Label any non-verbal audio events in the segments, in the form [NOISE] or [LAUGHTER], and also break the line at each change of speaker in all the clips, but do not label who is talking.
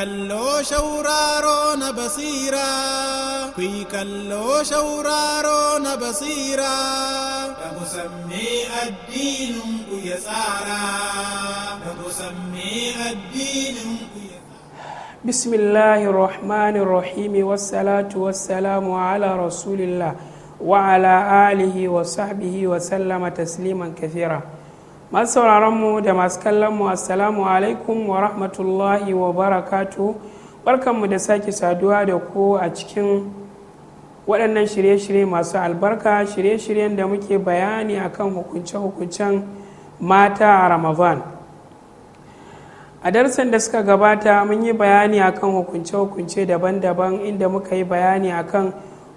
kalloo shawraaroo na basiiraa kuyi kalloo shawraaroo na basiiraa dhabusammee addiinuun guyya saaraa dhabusammee addiinuun بسم الله الرحمن الرحيم والصلاة والسلام على رسول الله وعلى آله وصحبه وسلم تسليما كثيرا masu sauraronmu da masu kallonmu assalamu alaikum wa rahmatullahi wa barakatu barkanmu da sake saduwa da ku a cikin waɗannan shirye-shirye masu albarka shirye-shiryen da muke bayani akan hukunce-hukuncen mata a ramadan a darsan da suka gabata mun yi bayani akan hukunce-hukunce daban-daban inda muka yi bayani akan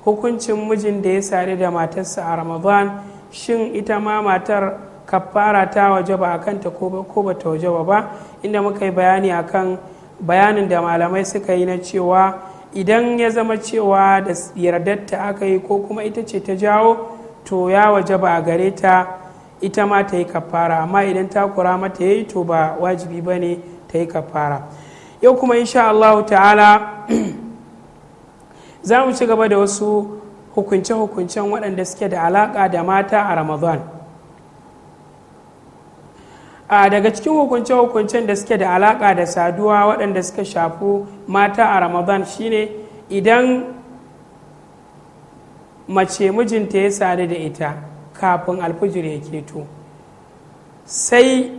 hukuncin mijin da ya sadu da matarsa a ramadan shin ita ma matar kafara ta wajaba a kanta ko ba ta wajaba ba inda muka yi bayani akan bayanin da malamai suka yi na cewa idan ya zama cewa da yardatta aka yi ko kuma ita ce ta jawo to ya wajaba a gare ta ita ma ta yi kafara amma idan ta kura mata yayi to ba wajibi ba ne ta yi kafara yau kuma insha Allah ta'ala [CLEARS THROAT] za mu ci gaba da wasu hukunce-hukuncen waɗanda suke da alaƙa da mata a ramadan a daga cikin hukunce-hukuncen da suke da alaka da saduwa waɗanda suka shafi mata a ramadan shine idan mace mijinta ya sadu da ita kafin alfijir ya keto sai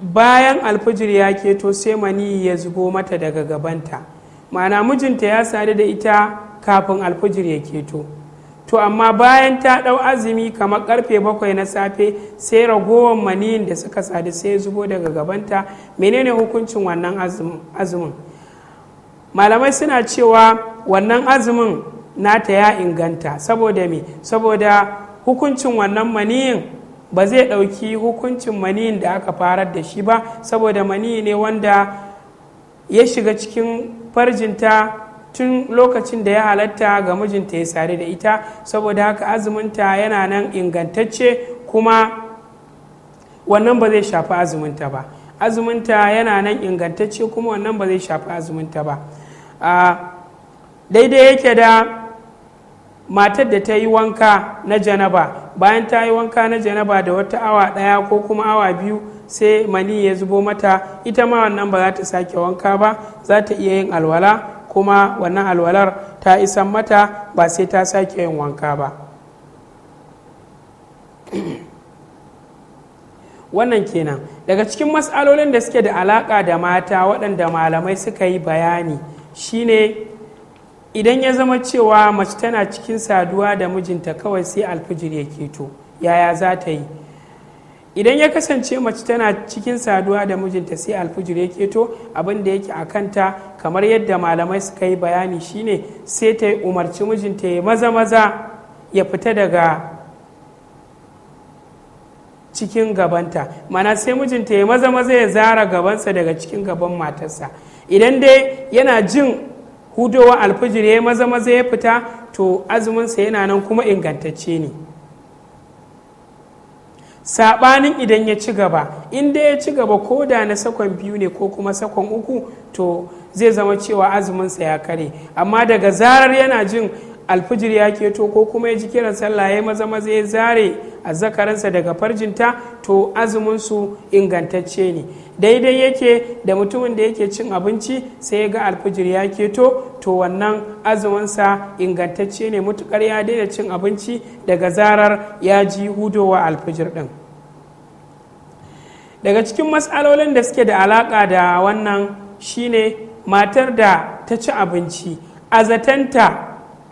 bayan alfijir ya keto sai mani ya zubo mata daga gabanta ma'ana mijinta ya sadu da ita kafin alfijir ya keto to amma bayan ta ɗau azumi kamar karfe bakwai na safe sai ragowar maniyin da suka sadu sai zubo daga gabanta menene hukuncin wannan azumin malamai suna cewa wannan azumin nata ya inganta saboda me saboda hukuncin wannan maniyin ba zai ɗauki hukuncin maniyin da aka farar da shi ba saboda maniyi ne wanda ya shiga cikin farjinta tun lokacin da ya halatta ga mijinta ya sare da ita saboda haka azuminta yana nan ingantacce kuma wannan ba zai shafi azuminta ba azuminta yana nan ingantacce kuma wannan ba zai shafi azuminta ba daidai yake da matar da ta yi wanka na janaba bayan ta yi wanka na janaba da wata awa ɗaya ko kuma awa biyu sai mani ya zubo mata ita ma wannan ba za ta sake wanka ba za ta iya yin alwala kuma wannan alwalar ta isan mata ba sai ta sake yin wanka ba [CLEARS THROAT] wannan kenan daga cikin matsalolin da suke da alaka da mata waɗanda malamai suka yi bayani shine idan ya zama cewa mace tana cikin saduwa da mijinta kawai sai alfijir ya keto yaya za ta yi idan ya kasance mace tana cikin saduwa da mijinta sai alfijir ya keto abin da yake a kanta kamar yadda malamai suka yi bayani shine sai ta umarci mijinta ya maza maza ya fita daga cikin gabanta mana sai mijinta ya maza maza ya zara gabansa daga cikin gaban matarsa idan dai yana jin hudowa alfijir ya maza maza ya fita to azuminsa yana nan kuma ingantacce ne saɓanin idan ya ci gaba inda ya ci gaba ko da na sakon biyu ne ko kuma sakon uku to zai zama cewa azuminsa ya kare amma daga zarar yana jin alfijir ya keto ko kuma ya ji kiran sallah ya maza maza ya zare a zakaransa daga farjinta to azumin su ingantacce ne daidai yake da mutumin da yake cin abinci sai ya ga alfijir ya keto to wannan azuminsa ingantacce ne mutukar ya daina cin abinci daga zarar ya ji hudowa alfijir din daga cikin matsalolin da suke da alaka da wannan shine matar da ta ci abinci a zatanta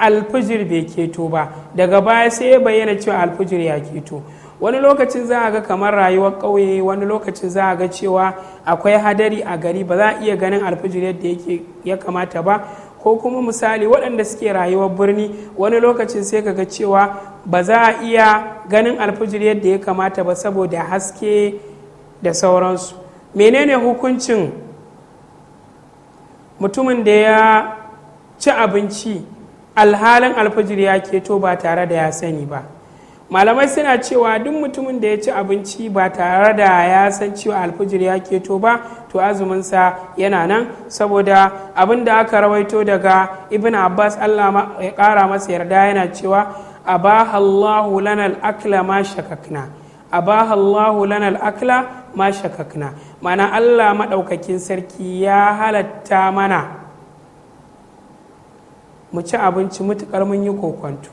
alfijir bai keto ba daga baya sai ya bayyana cewa alfijir ya keto wani lokacin za a ga kamar rayuwar ƙauye wani lokacin za a ga cewa akwai hadari a gari ba za a iya ganin alfijir yadda ya kamata ba ko kuma misali waɗanda suke rayuwar birni wani lokacin sai ka ga cewa ba za a iya ganin alfijir yadda ya kamata ba saboda haske da sauransu menene hukuncin mutumin da ya ci abinci alhalin alfajir ya keto ba tare da ya sani ba malamai suna cewa duk mutumin da ya ci abinci ba tare da ya san cewa alfijir ya keto ba to azuminsa yana nan saboda abin da aka rawaito daga ibn abbas allah ya kara masa yarda yana cewa a lanal hallahu lanar akla ma shakakna a ba hallahu lanar akla ma shakakna mana allah maɗaukakin sarki ya halatta mana mu ci abinci mutukar mun yi kokwanto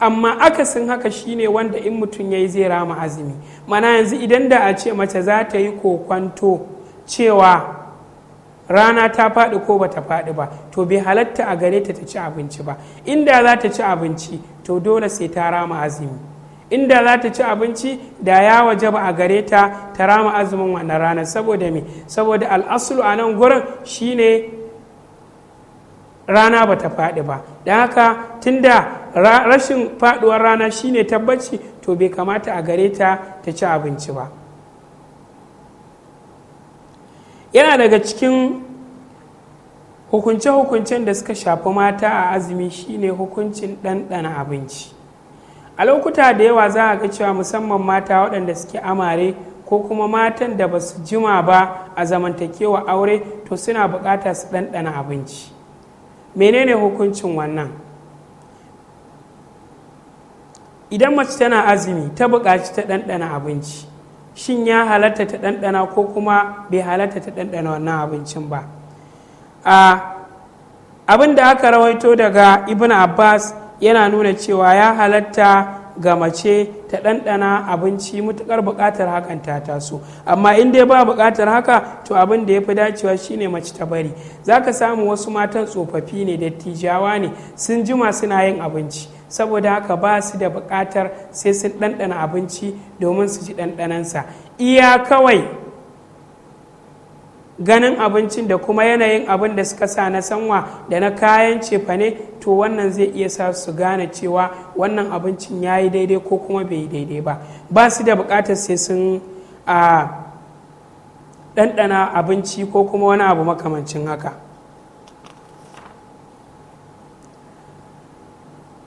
amma akasin haka shine wanda in mutum ya yi zai rama azumi mana yanzu idan da a ce mace za ta yi kokwanto cewa rana ta faɗi ko bata faɗi ba to bai halatta a gare ta ci abinci ba inda za ta ci abinci to dole sai ta rama azumi inda za ta ci abinci da ya waje ba a gare ta ta rama azumin wannan ranar saboda me saboda al'asulu a nan gurin shine rana ba ta faɗi ba don haka tunda rashin faɗuwar rana shine tabbaci to bai kamata a gare ta ta ci abinci ba yana daga cikin hukunce-hukuncen da suka shafi mata a azumi shine hukuncin ɗanɗana abinci a lokuta da yawa za a ga cewa musamman mata waɗanda suke amare ko kuma matan da ba su jima ba a zamantakewa aure to suna buƙata su ɗanɗana abinci menene hukuncin wannan idan mace tana azumi ta buƙaci ta ɗanɗana abinci shin ya halatta ta ɗanɗana ko kuma bai halatta ta ɗanɗana wannan abincin ba abin da aka rawaito daga ibn abbas yana nuna cewa ya halatta ga mace ta ɗanɗana abinci matuƙar buƙatar hakan ta taso amma in dai ba buƙatar haka to abin da ya fi dacewa shine mace ta bari za ka samu wasu matan tsofaffi ne dattijawa ne sun jima suna yin abinci saboda haka ba su da buƙatar sai sun ɗanɗana abinci domin su ji ɗanɗanansa iya kawai ganin abincin da kuma yanayin abin da suka sa na sanwa da na kayan cefa ne to wannan zai iya sa su gane cewa wannan abincin ya yi daidai ko kuma bai yi daidai ba ba su da bukatar sai sun a ɗanɗana abinci ko kuma wani abu makamancin haka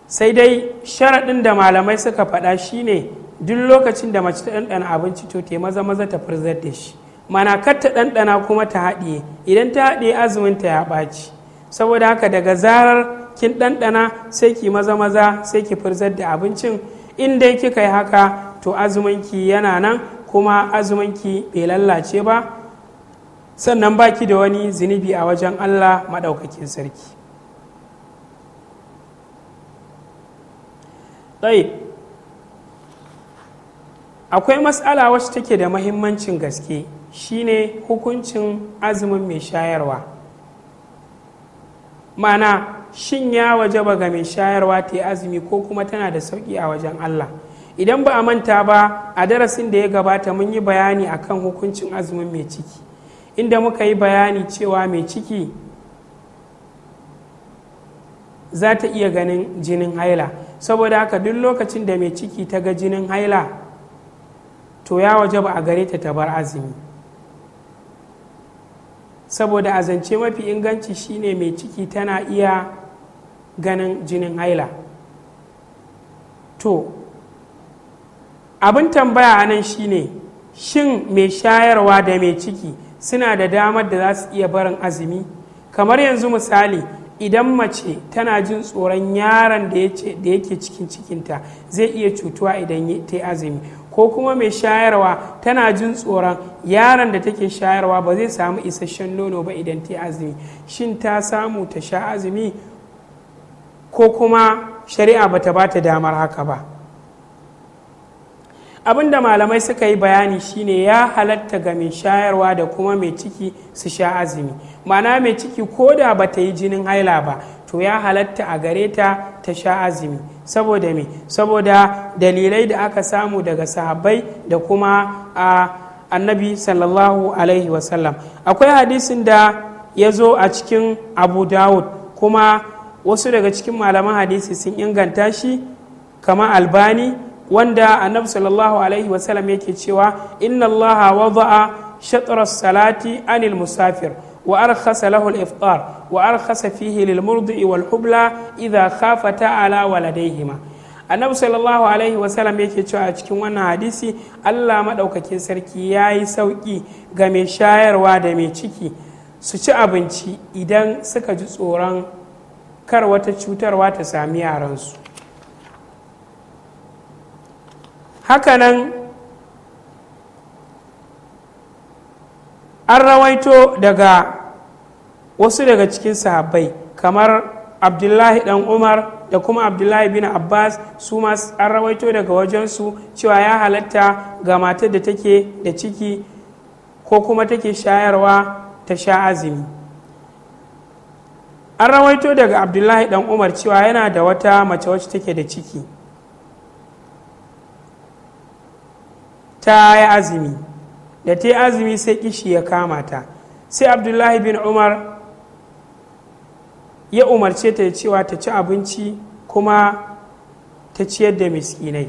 sai dai sharaɗin da malamai suka faɗa shine duk lokacin da mace ta ɗanɗana abinci to yi maza maza ta farzar da shi mana kar ta ɗanɗana kuma ta haɗiye idan ta haɗiye azumin ta ya ɓaci saboda haka daga zarar kin ɗanɗana sai ki maza maza sai ki firzar da abincin in dai kika yi haka to azuminki yana nan kuma azuminki bai lallace ba sannan baki da wani zunubi a wajen allah maɗaukakin sarki akwai matsala wacce take da mahimmancin gaske shine hukuncin azumin mai shayarwa mana shin ya waje ba ga mai shayarwa ta yi azumi ko kuma tana da sauƙi a wajen allah idan ba a manta ba a darasin da ya gabata mun yi bayani akan hukuncin azumin mai ciki inda muka yi bayani cewa mai ciki za ta iya ganin jinin haila saboda haka duk lokacin da mai ciki ta ga jinin haila to ya waje ba a gare ta ta bar azumi saboda a zance mafi inganci shine mai ciki tana iya ganin jinin haila to abin tambaya a nan shine shin mai shayarwa da mai ciki suna da damar da za su iya barin azumi kamar yanzu misali idan mace tana jin tsoron yaron da yake cikin cikinta zai iya cutuwa idan ta yi azumi ko kuma mai shayarwa tana jin tsoron yaron da take shayarwa ba zai samu isasshen nono ba idan ta azumi shin ta samu ta sha azumi ko kuma shari'a bata ba ta damar haka ba abin da malamai suka yi bayani shine ya halatta ga mai shayarwa da kuma mai ciki su sha azumi mana mai ciki ko da ba ta yi jinin haila ba to ya halatta a gare ta ta sha azumi saboda me saboda dalilai da aka samu daga sahabbai da kuma a annabi sallallahu alaihi wasallam akwai hadisin da ya zo a cikin abu dawud kuma wasu daga cikin malaman hadisi sun inganta shi kama albani wanda annabi sallallahu alaihi wasallam yake cewa inna allaha wada'a shatr salati anil musafir wa arkhasa lahu al-iftar wa arkhasa fihi lil murdi wal hubla idha khafata ala waladayhima annabi sallallahu alaihi wasallam yake cewa a cikin wannan hadisi Allah madaukakin sarki yayi sauki ga mai shayarwa da mai ciki su ci abinci idan suka ji tsoron kar wata cutarwa ta sami yaransu hakanan an rawaito daga wasu daga cikin sahabbai kamar abdullahi dan umar da kuma abdullahi bin abbas su masu an rawaito daga wajensu cewa ya halatta ga matar da take da ciki ko kuma take shayarwa ta sha azumi an rawaito daga abdullahi dan umar cewa yana da wata mace wacce take da ciki ta yi azumi da ta yi azumi sai kishi ya kama ta sai abdullahi bin umar ya umarce ta cewa ta ci abinci kuma ta ciyar da miskinai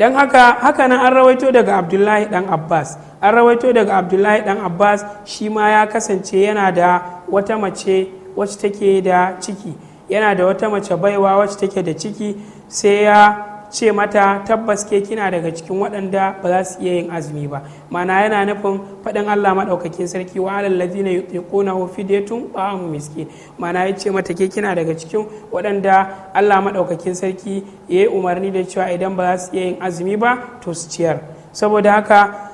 dan haka haka nan an rawaito daga abdullahi dan abbas an rawaito daga abdullahi dan abbas shi ma ya kasance yana da wata mace wacce take da ciki yana da wata mace baiwa wacce take da ciki sai ya ce mata tabbas ke kina daga cikin waɗanda ba za su iya yin azumi ba mana yana nufin faɗin Allah maɗaukakin sarki wa alal ladina yutiquna hu fidyatun ta'amu miskin mana ya ce mata ke kina daga cikin waɗanda Allah maɗaukakin sarki yayi umarni da cewa idan ba za su iya yin azumi ba to su ciyar saboda haka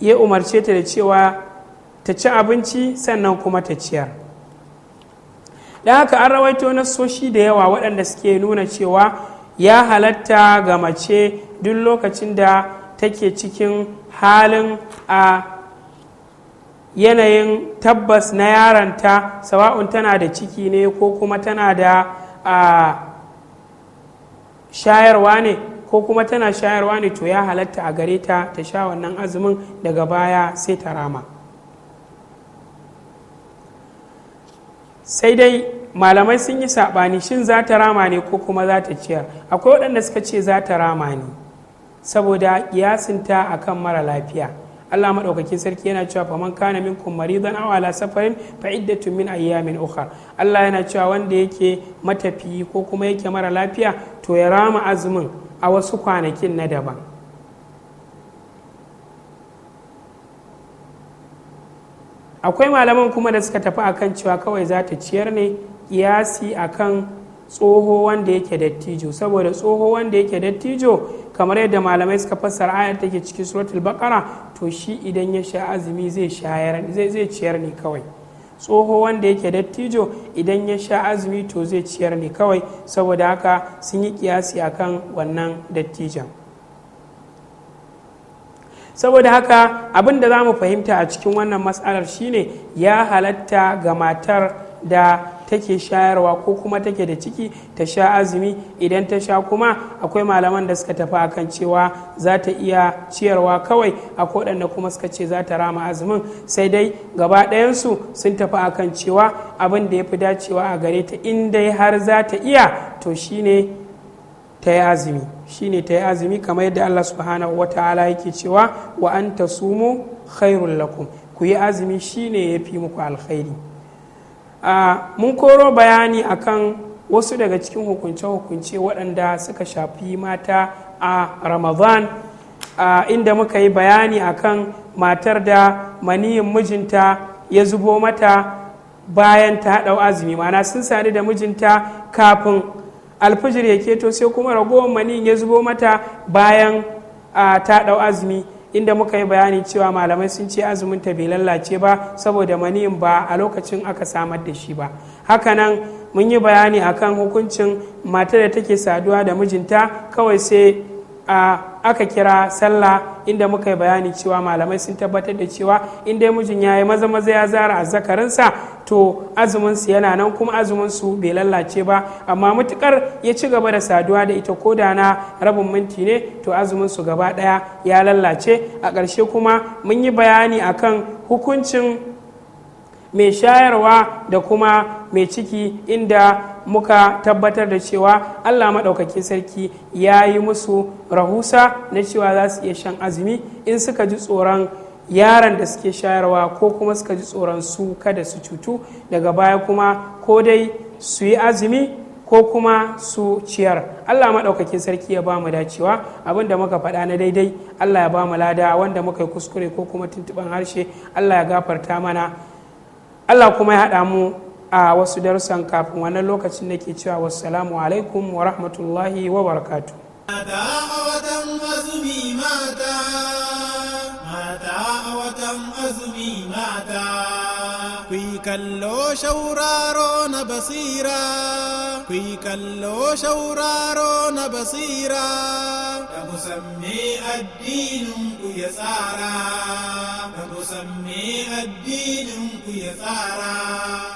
ya umarce ta da cewa ta ci abinci sannan kuma ta ciyar da haka an rawaito na soshi da yawa waɗanda suke nuna cewa ya halatta ga mace duk lokacin da take cikin halin a yanayin tabbas na yaranta sawa'un tana da ciki ne ko kuma tana da a shayarwa ne ko kuma tana shayarwa ne to ya halatta a gare ta ta sha wannan azumin daga baya sai ta rama sai dai malamai sun yi saɓani shin za ta rama ne ko kuma za ta ciyar akwai waɗanda suka ce za ta rama ne saboda kiyasinta a kan mara lafiya allah maɗaukakin sarki yana cewa faman kana minkum maridan aw ala safarin fa iddatu min ayyamin ukhra allah yana cewa wanda yake matafiyi ko kuma yake mara lafiya to ya rama azumin a wasu kwanakin na daban akwai malaman kuma da suka tafi akan cewa kawai za ta ciyar ne kiyasi akan tsoho wanda yake dattijo saboda tsoho wanda yake dattijo kamar yadda malamai suka fassara ayar take cikin suratul bakara to shi idan ya sha azumi zai shayar zai zai ciyar ne kawai tsoho wanda yake dattijo idan ya sha azumi to zai ciyar ne kawai saboda haka sun yi kiyasi akan wannan dattijan saboda haka abin da za mu fahimta a cikin wannan matsalar shine ya halatta ga matar da take shayarwa ko kuma take da ciki ta sha azumi idan ta sha kuma akwai malaman da suka tafi akan cewa za ta iya ciyarwa kawai a kodanda kuma suka ce za ta rama azumin sai dai gaba ɗayansu sun tafi akan cewa abin da ya fi dacewa a gare ta in dai har za ta iya to shine ta yi azumi shine ta yi azumi kamar yadda Allah subhanahu wa ta'ala yake cewa wa an sumu khairul lakum ku yi azumi shine ya fi muku alkhairi mun koro bayani akan wasu daga cikin hukunce-hukunce waɗanda suka shafi mata a ramadan inda muka yi bayani akan matar da maniyin mijinta ya zubo mata bayan ta ɗau azumi mana sun sadu da mijinta kafin alfijir ya keto sai kuma ragowar maniyin ya zubo mata bayan ta ɗau azumi inda muka yi bayani cewa malamai sun ce azumin ta bai lallace ba saboda maniyin ba a lokacin aka samar da shi ba hakanan mun yi bayani a kan hukuncin mata da take saduwa da mijinta kawai sai a aka kira sallah inda muka yi bayani cewa malamai sun tabbatar da cewa in mijin ya yi maza maza ya zara a zakarinsa. to azuminsu yana nan kuma azuminsu bai lallace ba amma matukar ya ci gaba da saduwa da ita ko da na rabin minti ne to azuminsu gaba daya ya lallace a ƙarshe kuma mun yi bayani akan hukuncin mai shayarwa da kuma mai ciki inda muka tabbatar da cewa Allah maɗaukakin sarki ya yi musu rahusa na cewa za su iya shan azumi in suka ji tsoron yaran da suke shayarwa ko kuma suka ji tsoron su kada su cutu daga baya kuma ko dai su yi azumi ko kuma su ciyar allah maɗaukakin sarki ya bamu dacewa abin da muka faɗa na daidai allah ya bamu lada wanda muka yi kuskure ko kuma tuntuɓan harshe allah ya gafarta mana allah kuma ya haɗa mu a wasu darussan kafin wannan lokacin nake cewa wassalamu alaikum wa rahmatullahi wa barakatu kalloo shawraa roona basiiraa kuyi kalloo shawraa roona basiiraa dhabu sammee addiinuun guyya tsaaraa dhabu sammee addiinuun guyya tsaaraa